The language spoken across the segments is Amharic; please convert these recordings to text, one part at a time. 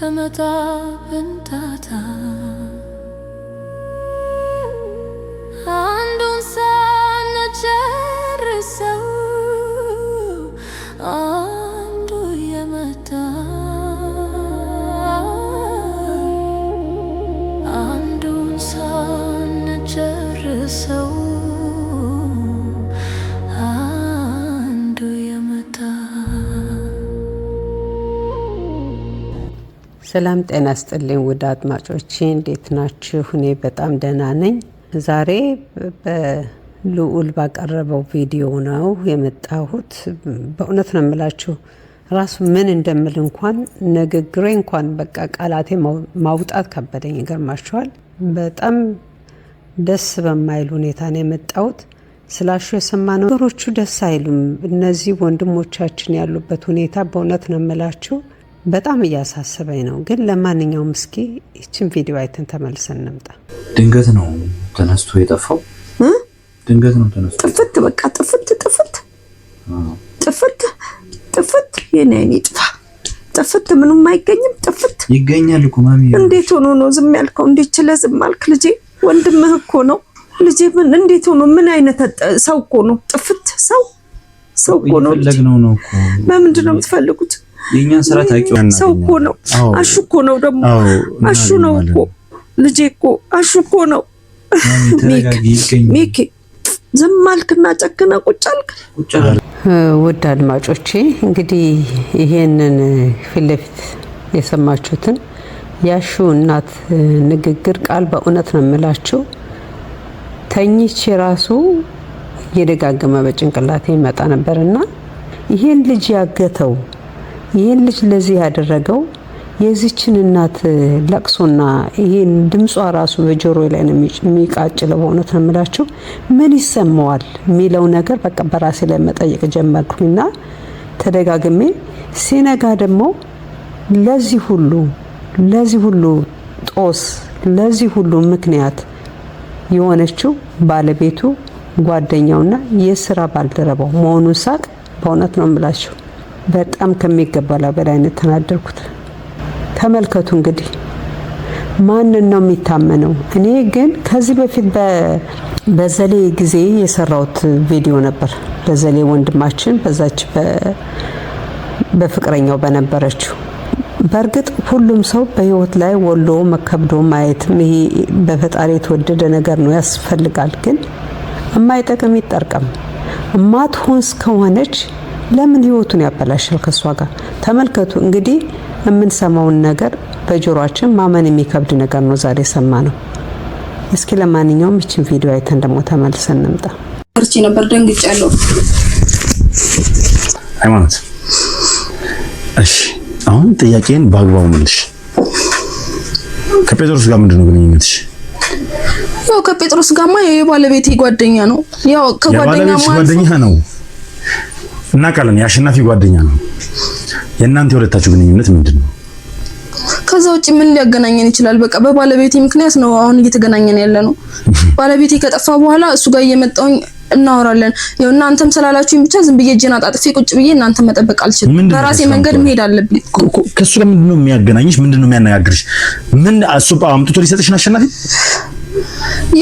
ከመጣብን ብንታታ ሰላም ጤና ስጥልኝ ውድ አጥማጮች እንዴት ናችሁ? እኔ በጣም ደህና ነኝ። ዛሬ በልዑል ባቀረበው ቪዲዮ ነው የመጣሁት። በእውነት ነው የምላችሁ ራሱ ምን እንደምል እንኳን ንግግሬ እንኳን በቃ ቃላቴ ማውጣት ከበደኝ። ይገርማችኋል። በጣም ደስ በማይል ሁኔታ ነው የመጣሁት። የሰማ ነው ነገሮቹ ደስ አይሉም። እነዚህ ወንድሞቻችን ያሉበት ሁኔታ በእውነት ነው የምላችሁ በጣም እያሳሰበኝ ነው። ግን ለማንኛውም እስኪ ይችን ቪዲዮ አይተን ተመልሰን እንምጣ። ድንገት ነው ተነስቶ የጠፋው። ድንገት ነው ተነስቶ ጥፍት፣ በቃ ጥፍት፣ ጥፍት፣ ጥፍት፣ ጥፍት። የኔ አይኔ ጥፋ፣ ጥፍት። ምንም አይገኝም። ጥፍት ይገኛል እኮ ማሚ። እንዴት ሆኖ ነው ዝም ያልከው? እንዴት ችለህ ዝም አልክ? ልጄ ወንድምህ እኮ ነው ልጄ። ምን እንዴት ሆኖ ምን አይነት ሰው እኮ ነው ጥፍት። ሰው ሰው እኮ ነው። በምንድን ነው የምትፈልጉት? የኛን ስራ ታውቂው ሰው እኮ ነው። አሹ እኮ ነው ደግሞ አሹ ነው እኮ ልጄ እኮ አሹ እኮ ነው። ሚኪ ዝም አልክና ጨክነ ቁጭ አልክ። ውድ አድማጮቼ እንግዲህ ይሄንን ፊት ለፊት የሰማችሁትን ያሹ እናት ንግግር ቃል በእውነት ነው የምላችሁ ተኝቼ ራሱ እየደጋገመ በጭንቅላቴ ይመጣ ነበርና ይሄን ልጅ ያገተው ይህን ልጅ ለዚህ ያደረገው የዚችን እናት ለቅሶና ይህን ድምጿ ራሱ በጆሮ ላይ ነው የሚቃጭለው። በእውነት ነው የምላችሁ ምን ይሰማዋል የሚለው ነገር በቃ በራሴ ላይ መጠየቅ ጀመርኩኝና ተደጋግሜ ሲነጋ ደግሞ ለዚህ ሁሉ ለዚህ ሁሉ ጦስ ለዚህ ሁሉ ምክንያት የሆነችው ባለቤቱ ጓደኛውና የስራ ባልደረባው መሆኑን ሳቅ። በእውነት ነው የምላችሁ። በጣም ከሚገባላ በላይ ነው የተናደርኩት። ተመልከቱ እንግዲህ ማንን ነው የሚታመነው? እኔ ግን ከዚህ በፊት በዘሌ ጊዜ የሰራሁት ቪዲዮ ነበር። በዘሌ ወንድማችን በዛች በፍቅረኛው በነበረችው በእርግጥ ሁሉም ሰው በህይወት ላይ ወሎ መከብዶ ማየትም ይሄ በፈጣሪ የተወደደ ነገር ነው፣ ያስፈልጋል። ግን የማይጠቅም ይጠርቀም። ማትሆን እስከሆነች ለምን ህይወቱን ያበላሻል ከእሷ ጋር? ተመልከቱ እንግዲህ የምንሰማውን ነገር በጆሮችን ማመን የሚከብድ ነገር ነው ዛሬ የሰማ ነው። እስኪ ለማንኛውም ይችን ቪዲዮ አይተን ደግሞ ተመልሰን እንምጣ። ርቺ ነበር ደንግጫለሁ። ሃይማኖት፣ እሺ አሁን ጥያቄን በአግባቡ መልሽ። ከጴጥሮስ ጋር ምንድን ነው ግንኙነትሽ? ያው ከጴጥሮስ ጋማ የባለቤቴ ጓደኛ ነው። ያው ከጓደኛ ጓደኛ ነው እና ቃለን የአሸናፊ ጓደኛ ነው። የእናንተ የሁለታችሁ ግንኙነት ምንድን ነው? ከዛ ውጭ ምን ሊያገናኘን ይችላል? በቃ በባለቤቴ ምክንያት ነው አሁን እየተገናኘን ያለ ነው። ባለቤቴ ከጠፋ በኋላ እሱ ጋር እየመጣውኝ እናወራለን። ያው እናንተም ስላላችሁኝ ብቻ ዝም ብዬ እጄን አጣጥፌ ቁጭ ብዬ እናንተ መጠበቅ አልችልም። በራሴ መንገድ መሄድ አለብኝ። ከእሱ ጋር ምንድን ነው የሚያገናኝሽ? ምንድን ነው የሚያነጋግርሽ? ምን እሱ አምጥቶ ሊሰጥሽ ነው አሸናፊ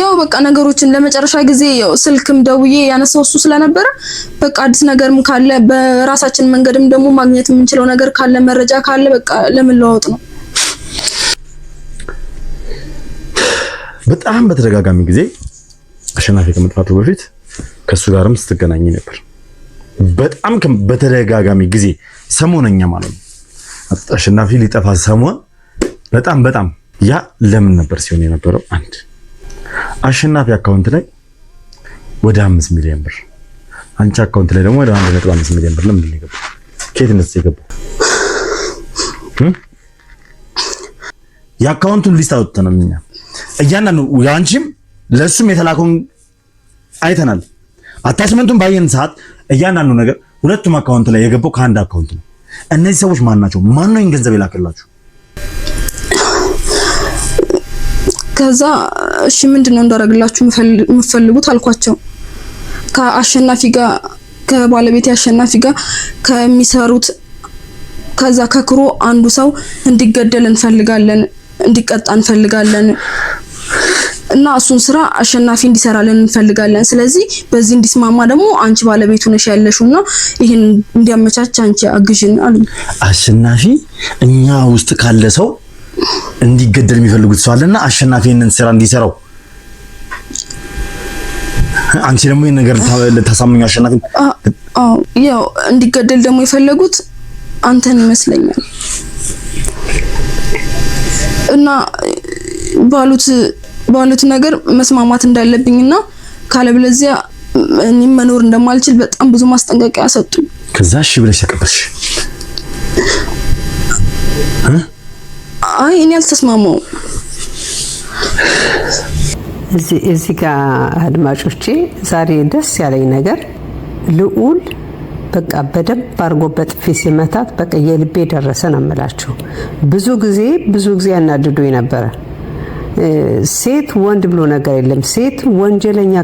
ያው በቃ ነገሮችን ለመጨረሻ ጊዜ ያው ስልክም ደውዬ ያነሳው እሱ ስለነበረ በቃ አዲስ ነገርም ካለ በራሳችን መንገድም ደግሞ ማግኘት የምንችለው ነገር ካለ መረጃ ካለ በቃ ለመለዋወጥ ነው። በጣም በተደጋጋሚ ጊዜ አሸናፊ ከመጥፋቱ በፊት ከሱ ጋርም ስትገናኝ ነበር። በጣም በተደጋጋሚ ጊዜ ሰሞነኛ ማለት ነው። አሸናፊ ሊጠፋ ሰሞን በጣም በጣም ያ ለምን ነበር ሲሆን የነበረው አንድ አሸናፊ አካውንት ላይ ወደ አምስት ሚሊዮን ብር አንቺ አካውንት ላይ ደግሞ ወደ 1.5 ነጥብ አምስት ሚሊዮን ብር ለምንድን ነው የገባው? ኬት ነው የገባው? የአካውንቱን ሊስት አውጥተናል እኛ እያንዳንዱ የአንቺም ለእሱም የተላከውን አይተናል። አታችመንቱን ባየን ሰዓት እያንዳንዱ ነገር ሁለቱም አካውንት ላይ የገባው ከአንድ አካውንት ነው። እነዚህ ሰዎች ማን ናቸው? ማን ነው ይህን ገንዘብ የላከላችሁ? ከዛ እሺ ምንድን ነው እንዳደረግላችሁ የምፈልጉት አልኳቸው። ከአሸናፊ ጋር ከባለቤቴ አሸናፊ ጋር ከሚሰሩት ከዛ ከክሮ አንዱ ሰው እንዲገደል እንፈልጋለን፣ እንዲቀጣ እንፈልጋለን እና እሱን ስራ አሸናፊ እንዲሰራልን እንፈልጋለን። ስለዚህ በዚህ እንዲስማማ ደግሞ አንቺ ባለቤቱ ነሽ ያለሽው እና ይህን እንዲያመቻች አንቺ አግዥን አሉ። አሸናፊ እኛ ውስጥ ካለ ሰው እንዲገደል የሚፈልጉት ሰው አለና አሸናፊ ይህንን ስራ እንዲሰራው አንቺ ደግሞ ይህን ነገር ልታሳምኙ አሸናፊ ያው እንዲገደል ደግሞ የፈለጉት አንተን ይመስለኛል እና ባሉት ባሉት ነገር መስማማት እንዳለብኝና ካለብለዚያ እኔም መኖር እንደማልችል በጣም ብዙ ማስጠንቀቂያ ሰጡኝ። ከዛ እሺ ብለሽ ተቀበልሽ። አይ እኔ አልተስማማውም። እዚህ ጋር አድማጮቼ ዛሬ ደስ ያለኝ ነገር ልዑል በቃ በደንብ አድርጎ በጥፊ ሲመታት በቃ የልቤ ደረሰ ነው የምላችሁ። ብዙ ጊዜ ብዙ ጊዜ ያናድዱኝ ነበረ። ሴት ወንድ ብሎ ነገር የለም። ሴት ወንጀለኛ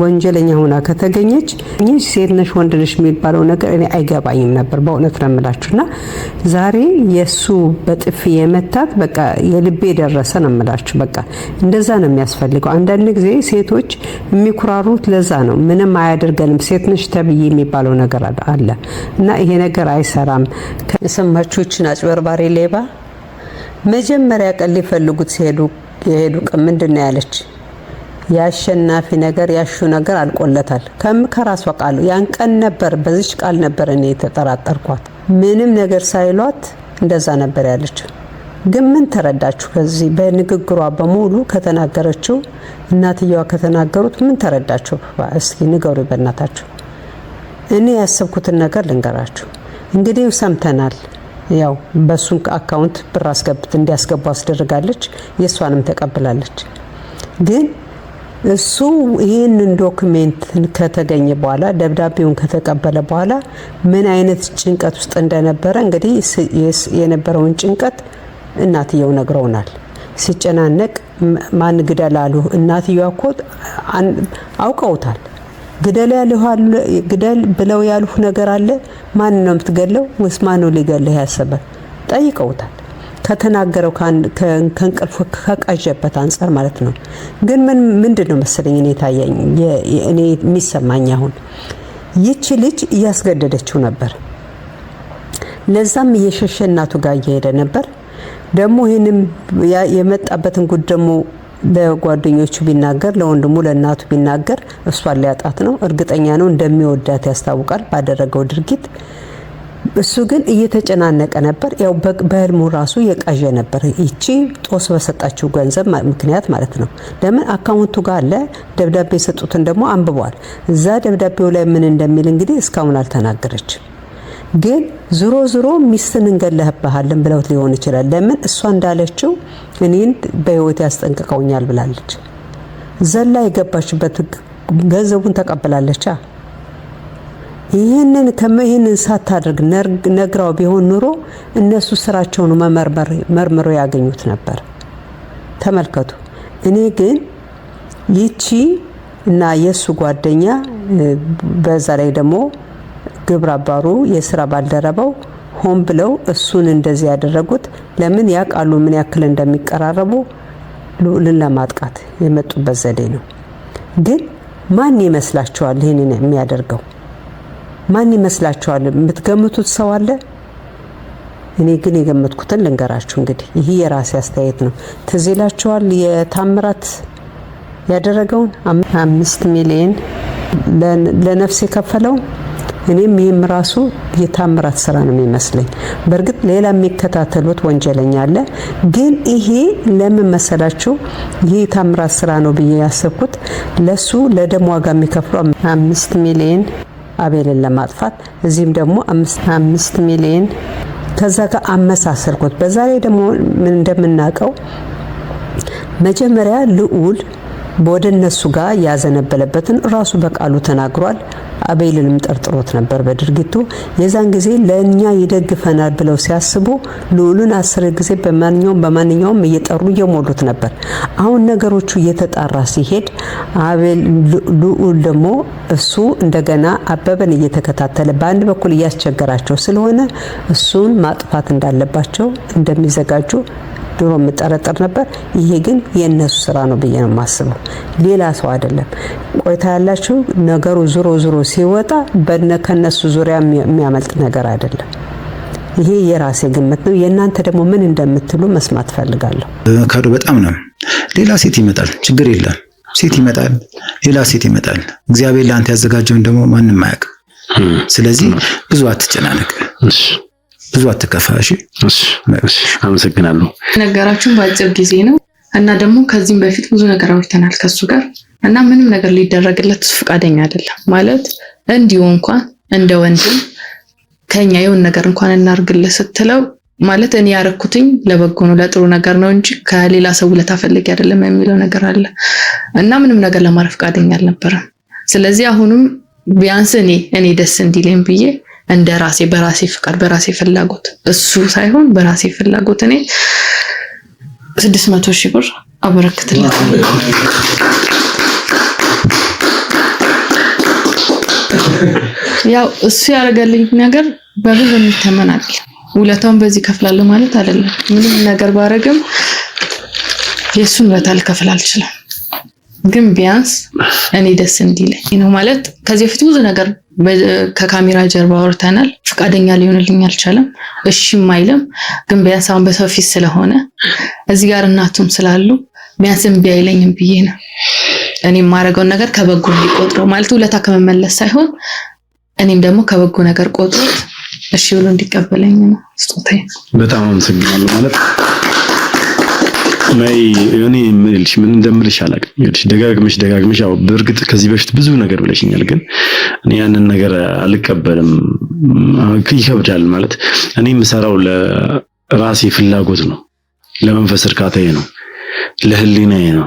ወንጀለኛ ሆና ከተገኘች እኚህ ሴት ነሽ ወንድ ነሽ የሚባለው ነገር እኔ አይገባኝም ነበር በእውነት ነው የምላችሁ። እና ዛሬ የእሱ በጥፊ የመታት በቃ የልቤ ደረሰ ነው የምላችሁ። በቃ እንደዛ ነው የሚያስፈልገው። አንዳንድ ጊዜ ሴቶች የሚኩራሩት ለዛ ነው። ምንም አያደርገንም ሴት ነሽ ተብዬ የሚባለው ነገር አለ እና ይሄ ነገር አይሰራም። የሰማችሁችን አጭበርባሪ ሌባ መጀመሪያ ቀን ሊፈልጉት ሲሄዱ የሄዱ ቀን ምንድን ነው ያለች? የአሸናፊ ነገር ያሹ ነገር አልቆለታል። ከም ከራሷ ያን ቀን ነበር በዚች ቃል ነበር እኔ የተጠራጠርኳት። ምንም ነገር ሳይሏት እንደዛ ነበር ያለችው። ግን ምን ተረዳችሁ? ከዚህ በንግግሯ በሙሉ ከተናገረችው እናትየዋ ከተናገሩት ምን ተረዳችሁ? እስኪ ንገሩ በእናታችሁ። እኔ ያሰብኩትን ነገር ልንገራችሁ። እንግዲህ ሰምተናል ያው በሱን አካውንት ብር አስገብት እንዲያስገቡ አስደርጋለች። የእሷንም ተቀብላለች። ግን እሱ ይህንን ዶክሜንት ከተገኘ በኋላ ደብዳቤውን ከተቀበለ በኋላ ምን አይነት ጭንቀት ውስጥ እንደነበረ እንግዲህ የነበረውን ጭንቀት እናትየው ነግረውናል። ሲጨናነቅ ማን ግደል አሉ። እናትየዋ እኮ አውቀውታል። ግደል ብለው ያሉህ ነገር አለ? ማን ነው የምትገለው? ወይስ ማን ነው ሊገለህ ያሰበ? ጠይቀውታል። ከተናገረው ከእንቅልፍ ከቃዠበት አንጻር ማለት ነው። ግን ምን ምንድን ነው መሰለኝ እኔ ታየኝ እኔ የሚሰማኝ አሁን ይቺ ልጅ እያስገደደችው ነበር። ለዛም እየሸሸ እናቱ ጋር እየሄደ ነበር። ደግሞ ይህንም የመጣበትን ጉድ ደግሞ ለጓደኞቹ ቢናገር ለወንድሙ ለእናቱ ቢናገር እሷን ሊያጣት ነው። እርግጠኛ ነው እንደሚወዳት ያስታውቃል ባደረገው ድርጊት። እሱ ግን እየተጨናነቀ ነበር። ያው በህልሙ ራሱ የቃዠ ነበር፣ ይቺ ጦስ በሰጣችው ገንዘብ ምክንያት ማለት ነው። ለምን አካውንቱ ጋር አለ። ደብዳቤ የሰጡትን ደግሞ አንብበዋል። እዛ ደብዳቤው ላይ ምን እንደሚል እንግዲህ እስካሁን አልተናገረችም። ግን ዝሮ ዝሮ ሚስትን እንገለህብሃለን ብለውት ሊሆን ይችላል። ለምን እሷ እንዳለችው እኔን በህይወት ያስጠንቅቀውኛል ብላለች። ዘላ የገባችበት ገንዘቡን ተቀብላለች። ይህንን ከመይህንን ሳታደርግ ነግራው ቢሆን ኑሮ እነሱ ስራቸውን መርምሮ ያገኙት ነበር። ተመልከቱ። እኔ ግን ይቺ እና የእሱ ጓደኛ በዛ ላይ ደግሞ ግብረ አባሩ የስራ ባልደረባው ሆን ብለው እሱን እንደዚህ ያደረጉት ለምን ያውቃሉ ምን ያክል እንደሚቀራረቡ ልዑልን ለማጥቃት የመጡበት ዘዴ ነው። ግን ማን ይመስላችኋል ይህንን የሚያደርገው? ማን ይመስላችኋል? የምትገምቱት ሰው አለ? እኔ ግን የገመትኩትን ልንገራችሁ። እንግዲህ ይህ የራሴ አስተያየት ነው። ትዝ ይላችኋል የታምራት ያደረገውን አምስት ሚሊየን ለነፍስ የከፈለውን እኔም ይህም ራሱ የታምራት ስራ ነው የሚመስለኝ። በእርግጥ ሌላ የሚከታተሉት ወንጀለኛ አለ። ግን ይሄ ለምን መሰላችሁ? ይህ የታምራት ስራ ነው ብዬ ያሰብኩት ለሱ ለደም ዋጋ የሚከፍሉ አምስት ሚሊዮን አቤልን ለማጥፋት እዚህም ደግሞ አምስት ሚሊዮን ከዛ ጋር አመሳሰልኩት። በዛ ላይ ደግሞ እንደምናውቀው መጀመሪያ ልዑል ወደ እነሱ ጋር ያዘነበለበትን ራሱ በቃሉ ተናግሯል። አቤልንም ጠርጥሮት ነበር በድርጊቱ። የዛን ጊዜ ለእኛ ይደግፈናል ብለው ሲያስቡ ልዑልን አስር ጊዜ በማንኛውም በማንኛውም እየጠሩ እየሞሉት ነበር። አሁን ነገሮቹ እየተጣራ ሲሄድ አቤል ልዑል ደግሞ እሱ እንደገና አበበን እየተከታተለ በአንድ በኩል እያስቸገራቸው ስለሆነ እሱን ማጥፋት እንዳለባቸው እንደሚዘጋጁ ድሮ የምጠረጠር ነበር። ይሄ ግን የእነሱ ስራ ነው ብዬ ነው የማስበው፣ ሌላ ሰው አይደለም። ቆይታ ያላችሁ ነገሩ ዝሮ ዝሮ ሲወጣ ከነሱ ዙሪያ የሚያመልጥ ነገር አይደለም። ይሄ የራሴ ግምት ነው። የእናንተ ደግሞ ምን እንደምትሉ መስማት ፈልጋለሁ። ካዶ በጣም ነው። ሌላ ሴት ይመጣል፣ ችግር የለም። ሴት ይመጣል፣ ሌላ ሴት ይመጣል። እግዚአብሔር ለአንተ ያዘጋጀውን ደግሞ ማንም አያውቅም። ስለዚህ ብዙ አትጨናነቅ። ብዙ አትከፋ። እሺ አመሰግናለሁ። ነገራችሁን በአጭር ጊዜ ነው እና ደግሞ ከዚህም በፊት ብዙ ነገር አውርተናል ከሱ ጋር እና ምንም ነገር ሊደረግለት ፈቃደኛ አይደለም። ማለት እንዲሁ እንኳን እንደ ወንድም ከኛ የሆን ነገር እንኳን እናርግለት ስትለው ማለት እኔ ያረኩትኝ ለበጎ ነው ለጥሩ ነገር ነው እንጂ ከሌላ ሰው ለታፈልግ አይደለም የሚለው ነገር አለ እና ምንም ነገር ለማረፍ ፈቃደኛ አልነበረም። ስለዚህ አሁንም ቢያንስ እኔ እኔ ደስ እንዲለኝ ብዬ እንደ ራሴ በራሴ ፍቃድ በራሴ ፍላጎት እሱ ሳይሆን በራሴ ፍላጎት እኔ ስድስት መቶ ሺህ ብር አበረክትለት ያው እሱ ያደረገልኝ ነገር በብር የሚተመናል። ውለታውን በዚህ ከፍላለሁ ማለት አይደለም። ምንም ነገር ባረግም የእሱን ውለታ ልከፍል አልችልም። ግን ቢያንስ እኔ ደስ እንዲለኝ ነው ማለት። ከዚህ በፊት ብዙ ነገር ከካሜራ ጀርባ አውርተናል። ፈቃደኛ ሊሆንልኝ አልቻለም፣ እሺም አይልም። ግን ቢያንስ አሁን በሰው ፊት ስለሆነ እዚህ ጋር እናቱም ስላሉ ቢያንስ እምቢ አይለኝም ብዬ ነው እኔ የማደርገውን ነገር ከበጎ እንዲቆጥረው ማለት ውለታ ከመመለስ ሳይሆን እኔም ደግሞ ከበጎ ነገር ቆጥሮት እሺ ብሎ እንዲቀበለኝ ነው ስጦታዬ። በጣም አመሰግናለሁ ማለት ነይ እኔ ምልሽ ምን እንደምልሽ አላውቅም። ይኸውልሽ ደጋግመሽ ደጋግመሽ ያው በእርግጥ ከዚህ በፊት ብዙ ነገር ብለሽኛል፣ ግን እኔ ያንን ነገር አልቀበልም። ይከብዳል ማለት እኔ የምሰራው ለራሴ ፍላጎት ነው፣ ለመንፈስ እርካታዬ ነው፣ ለህሊናዬ ነው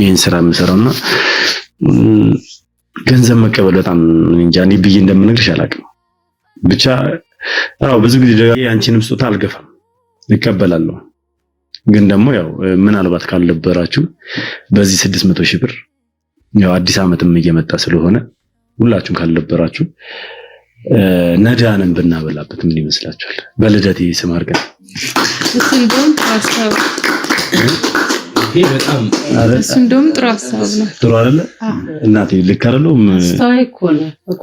ይህን ስራ የምሰራውና ገንዘብ መቀበል በጣም እንጃ እኔ ብዬ እንደምነግርሽ አላውቅም። ብቻ አዎ ብዙ ጊዜ አንቺንም ስጦታ አልገፋም እቀበላለሁ። ግን ደግሞ ያው ምናልባት ካልነበራችሁ በዚህ ስድስት መቶ ሺህ ብር ያው አዲስ ዓመትም እየመጣ ስለሆነ ሁላችሁም ካልነበራችሁ ነዳንን ብናበላበት ምን ይመስላችኋል? በልደት ስም አድርገን እሱም እንደውም ጥሩ ሀሳብ ነው። ጥሩ አይደለ እናቴ ልክ አይደለሁም? ስታይ እኮ ነው እኮ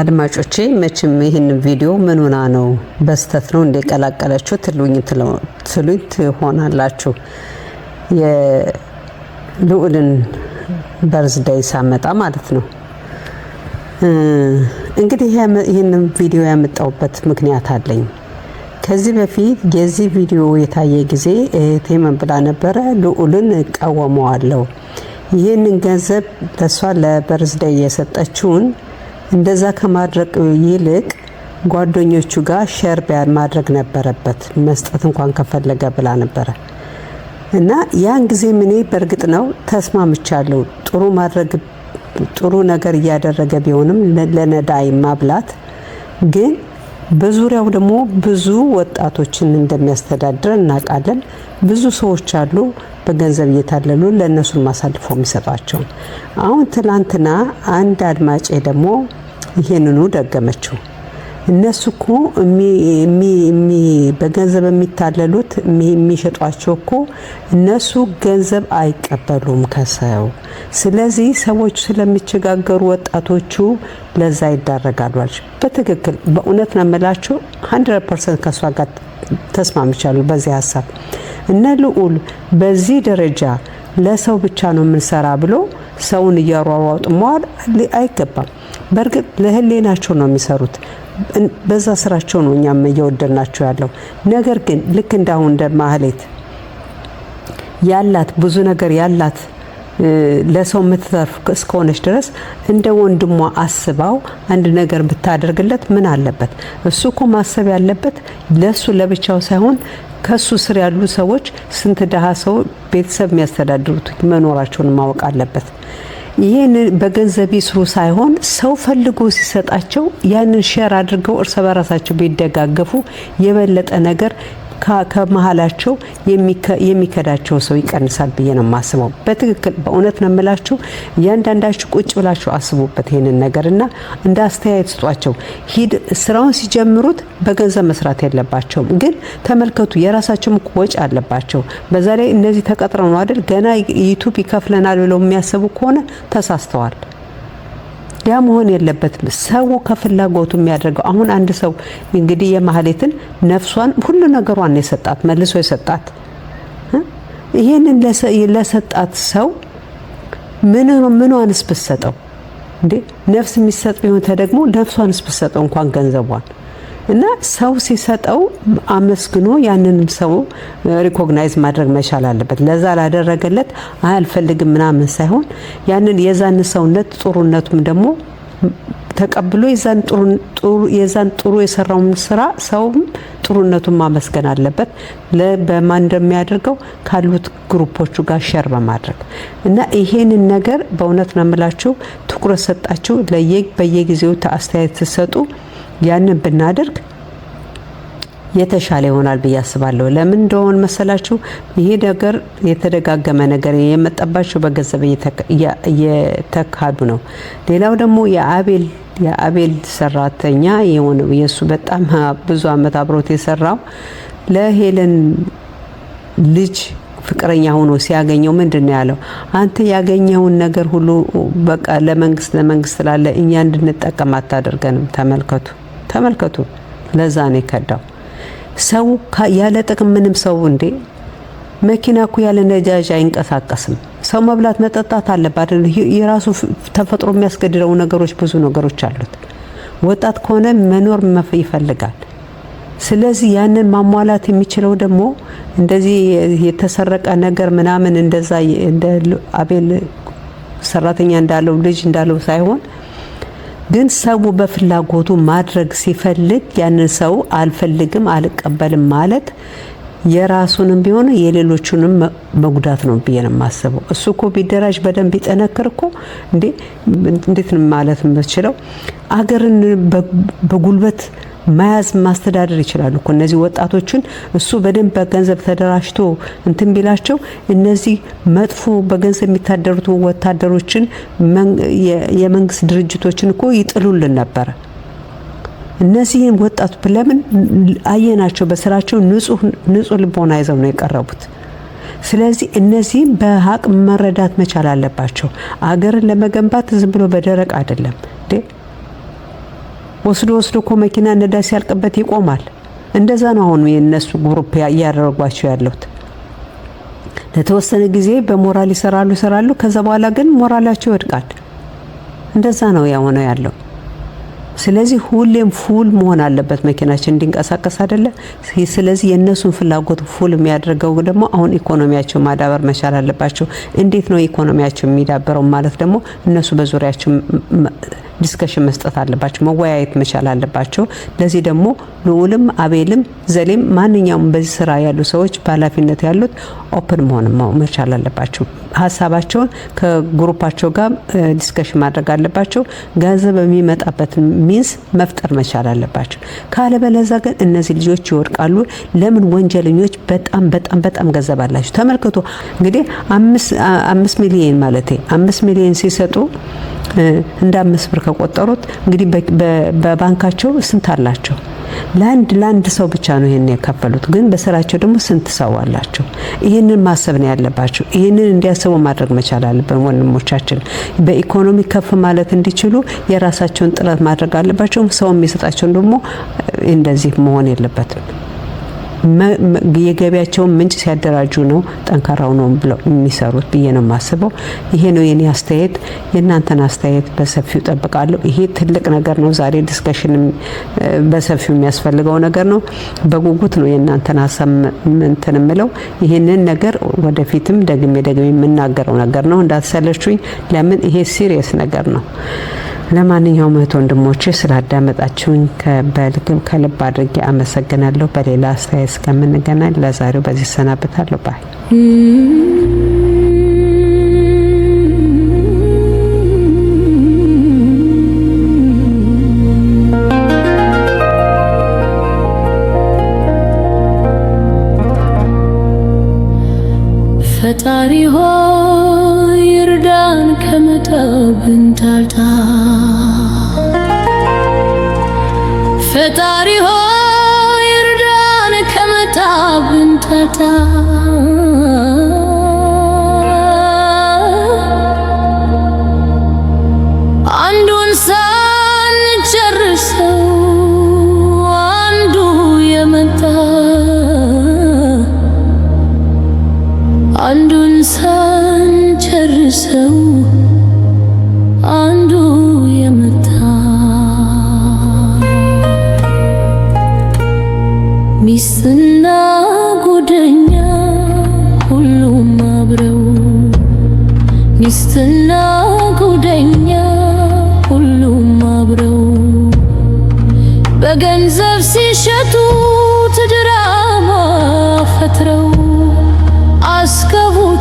አድማጮቼ መቼም ይህን ቪዲዮ ምኑና ነው በስተት ነው እንደቀላቀለችው ትሉኝ ትሆናላችሁ። የልዑልን በርዝዳይ ሳመጣ ማለት ነው። እንግዲህ ይህንን ቪዲዮ ያመጣውበት ምክንያት አለኝ። ከዚህ በፊት የዚህ ቪዲዮ የታየ ጊዜ እህቴ ምን ብላ ነበረ? ልዑልን እቃወመዋለሁ ይህንን ገንዘብ ለእሷ ለበርዝዳይ የሰጠችውን እንደዛ ከማድረግ ይልቅ ጓደኞቹ ጋር ሼር ማድረግ ነበረበት፣ መስጠት እንኳን ከፈለገ ብላ ነበረ። እና ያን ጊዜ እኔ በእርግጥ ነው ተስማምቻለሁ። ጥሩ ማድረግ ጥሩ ነገር እያደረገ ቢሆንም ለነዳይ ማብላት ግን በዙሪያው ደግሞ ብዙ ወጣቶችን እንደሚያስተዳድር እናውቃለን። ብዙ ሰዎች አሉ በገንዘብ እየታለሉ ለእነሱን ማሳልፎ የሚሰጧቸው። አሁን ትላንትና አንድ አድማጬ ደግሞ ይሄንኑ ደገመችው። እነሱ እኮ በገንዘብ የሚታለሉት የሚሸጧቸው እኮ እነሱ ገንዘብ አይቀበሉም ከሰው። ስለዚህ ሰዎቹ ስለሚቸጋገሩ ወጣቶቹ ለዛ ይዳረጋሉ አለች። በትክክል በእውነት ነው የምላችሁ፣ 100 ፐርሰንት ከእሷ ጋር ተስማምቻለሁ በዚህ ሀሳብ። እነ ልዑል በዚህ ደረጃ ለሰው ብቻ ነው የምንሰራ ብሎ ሰውን እያሯሯጡ መዋል አይገባም። በእርግጥ ለህሌናቸው ነው የሚሰሩት። በዛ ስራቸው ነው እኛም እየወደድናቸው ያለው። ነገር ግን ልክ እንዳሁን እንደ ማህሌት ያላት ብዙ ነገር ያላት ለሰው የምትተርፍ እስከሆነች ድረስ እንደ ወንድሟ አስባው አንድ ነገር ብታደርግለት ምን አለበት? እሱ እኮ ማሰብ ያለበት ለሱ ለብቻው ሳይሆን ከሱ ስር ያሉ ሰዎች ስንት ድሀ ሰው ቤተሰብ የሚያስተዳድሩት መኖራቸውን ማወቅ አለበት። ይህን በገንዘብ ይስሩ ሳይሆን ሰው ፈልጎ ሲሰጣቸው ያንን ሼር አድርገው እርስ በራሳቸው ቢደጋገፉ የበለጠ ነገር ከመሀላቸው የሚከዳቸው ሰው ይቀንሳል ብዬ ነው የማስበው። በትክክል በእውነት ነው የምላችሁ። እያንዳንዳችሁ ቁጭ ብላችሁ አስቡበት ይሄንን ነገር እና እንደ አስተያየት ስጧቸው። ሂድ ስራውን ሲጀምሩት በገንዘብ መስራት የለባቸውም ግን ተመልከቱ፣ የራሳቸውም ወጪ አለባቸው። በዛ ላይ እነዚህ ተቀጥረው ነው አይደል ገና ዩቱብ ይከፍለናል ብለው የሚያስቡ ከሆነ ተሳስተዋል። ያ መሆን የለበትም። ሰው ከፍላጎቱ የሚያደርገው አሁን አንድ ሰው እንግዲህ የማህሌትን ነፍሷን ሁሉ ነገሯን የሰጣት መልሶ የሰጣት ይህንን ለሰጣት ሰው ምኗንስ ብትሰጠው እንዴ? ነፍስ የሚሰጥ ቢሆን ተደግሞ ነፍሷንስ ብትሰጠው እንኳን ገንዘቧን እና ሰው ሲሰጠው አመስግኖ ያንንም ሰው ሪኮግናይዝ ማድረግ መቻል አለበት። ለዛ ላደረገለት አልፈልግም ምናምን ሳይሆን ያንን የዛን ሰውነት ጥሩነቱም ደግሞ ተቀብሎ የዛን ጥሩ የሰራውን ስራ ሰውም ጥሩነቱን ማመስገን አለበት። በማን እንደሚያደርገው ካሉት ግሩፖቹ ጋር ሸር በማድረግ እና ይሄንን ነገር በእውነት ነው የምላችሁ ትኩረት ሰጣችሁ በየጊዜው አስተያየት ትሰጡ ያንን ብናደርግ የተሻለ ይሆናል ብዬ አስባለሁ። ለምን እንደሆን መሰላችሁ? ይሄ ነገር የተደጋገመ ነገር የመጣባቸው በገንዘብ እየተካዱ ነው። ሌላው ደግሞ የአቤል የአቤል ሰራተኛ የሆነው የእሱ በጣም ብዙ አመት አብሮት የሰራው ለሄለን ልጅ ፍቅረኛ ሆኖ ሲያገኘው ምንድን ነው ያለው? አንተ ያገኘውን ነገር ሁሉ በቃ ለመንግስት ለመንግስት ስላለ እኛ እንድንጠቀም አታደርገንም። ተመልከቱ። ተመልከቱ። ለዛ ነው የከዳው ሰው ያለ ጥቅም ምንም ሰው እንዴ መኪና እኮ ያለ ነዳጅ አይንቀሳቀስም። ሰው መብላት መጠጣት አለባት። የራሱ ተፈጥሮ የሚያስገድደው ነገሮች ብዙ ነገሮች አሉት። ወጣት ከሆነ መኖር ይፈልጋል። ስለዚህ ያንን ማሟላት የሚችለው ደግሞ እንደዚህ የተሰረቀ ነገር ምናምን እንደዛ እንደ አቤል ሰራተኛ እንዳለው ልጅ እንዳለው ሳይሆን ግን ሰው በፍላጎቱ ማድረግ ሲፈልግ ያንን ሰው አልፈልግም፣ አልቀበልም ማለት የራሱንም ቢሆን የሌሎቹንም መጉዳት ነው ብዬ ነው የማስበው። እሱ እኮ ቢደራጅ በደንብ ቢጠነክር እኮ እንዴት ማለት የምችለው አገርን በጉልበት መያዝ ማስተዳደር ይችላሉ እኮ እነዚህ ወጣቶችን። እሱ በደንብ በገንዘብ ተደራጅቶ እንትን ቢላቸው እነዚህ መጥፎ በገንዘብ የሚታደሩት ወታደሮችን የመንግስት ድርጅቶችን እኮ ይጥሉልን ነበረ። እነዚህን ወጣቱ ለምን አየናቸው? በስራቸው ንጹህ ልቦና ይዘው ነው የቀረቡት። ስለዚህ እነዚህም በሀቅ መረዳት መቻል አለባቸው። አገርን ለመገንባት ዝም ብሎ በደረቅ አይደለም። ወስዶ ወስዶ እኮ መኪና ነዳጅ ሲያልቅበት ይቆማል። እንደዛ ነው አሁን የነሱ ግሩፕ እያደረጓቸው ያለሁት። ለተወሰነ ጊዜ በሞራል ይሰራሉ ይሰራሉ፣ ከዛ በኋላ ግን ሞራላቸው ይወድቃል። እንደዛ ነው የሆነው ያለው። ስለዚህ ሁሌም ፉል መሆን አለበት መኪናችን እንዲንቀሳቀስ አይደለ? ስለዚህ የእነሱን ፍላጎት ፉል የሚያደርገው ደግሞ አሁን ኢኮኖሚያቸው ማዳበር መቻል አለባቸው። እንዴት ነው ኢኮኖሚያቸው የሚዳበረው? ማለት ደግሞ እነሱ በዙሪያቸው ዲስከሽን መስጠት አለባቸው፣ መወያየት መቻል አለባቸው። ለዚህ ደግሞ ልዑልም አቤልም ዘሌም ማንኛውም በዚህ ስራ ያሉ ሰዎች በኃላፊነት ያሉት ኦፕን መሆን መቻል አለባቸው። ሀሳባቸውን ከግሩፓቸው ጋር ዲስከሽን ማድረግ አለባቸው። ገንዘብ በሚመጣበት ሚንስ መፍጠር መቻል አለባቸው። ካለበለዛ ግን እነዚህ ልጆች ይወድቃሉ። ለምን ወንጀለኞች በጣም በጣም በጣም ገንዘብ አላቸው። ተመልክቶ እንግዲህ አምስት ሚሊየን ማለት አምስት ሚሊየን ሲሰጡ እንደ አምስት ብር ከቆጠሩት እንግዲህ በባንካቸው ስንት አላቸው? ለአንድ ለአንድ ሰው ብቻ ነው ይሄን የከፈሉት። ግን በስራቸው ደግሞ ስንት ሰው አላቸው? ይህንን ማሰብ ነው ያለባቸው። ይህንን እንዲያስቡ ማድረግ መቻል አለብን። ወንድሞቻችን በኢኮኖሚ ከፍ ማለት እንዲችሉ የራሳቸውን ጥረት ማድረግ አለባቸው። ሰው የሚሰጣቸውን ደግሞ እንደዚህ መሆን የለበትም። የገቢያቸውን ምንጭ ሲያደራጁ ነው ጠንካራው ነው ብለው የሚሰሩት ብዬ ነው የማስበው። ይሄ ነው የኔ አስተያየት። የእናንተን አስተያየት በሰፊው ጠብቃለሁ። ይሄ ትልቅ ነገር ነው። ዛሬ ዲስከሽን በሰፊው የሚያስፈልገው ነገር ነው። በጉጉት ነው የእናንተን ሀሳብ ምንትን ምለው። ይህንን ነገር ወደፊትም ደግሜ ደግሜ የምናገረው ነገር ነው። እንዳትሰለችኝ። ለምን ይሄ ሲሪየስ ነገር ነው። ለማንኛውም እህት ወንድሞቼ ስላዳመጣችሁኝ በልግም ከልብ አድርጌ አመሰግናለሁ። በሌላ አስተያየት እስከምንገናኝ ለዛሬው በዚህ እሰናበታለሁ። ባይ ፈጣሪ ሆይ እርዳን ከመጠብን ታልታ ፈጣሪ ሆይ እርዳን ከመጣብን ተታ ጉስቁልና ጉደኛ ሁሉም አብረው በገንዘብ ሲሸቱት ድራማ ፈጥረው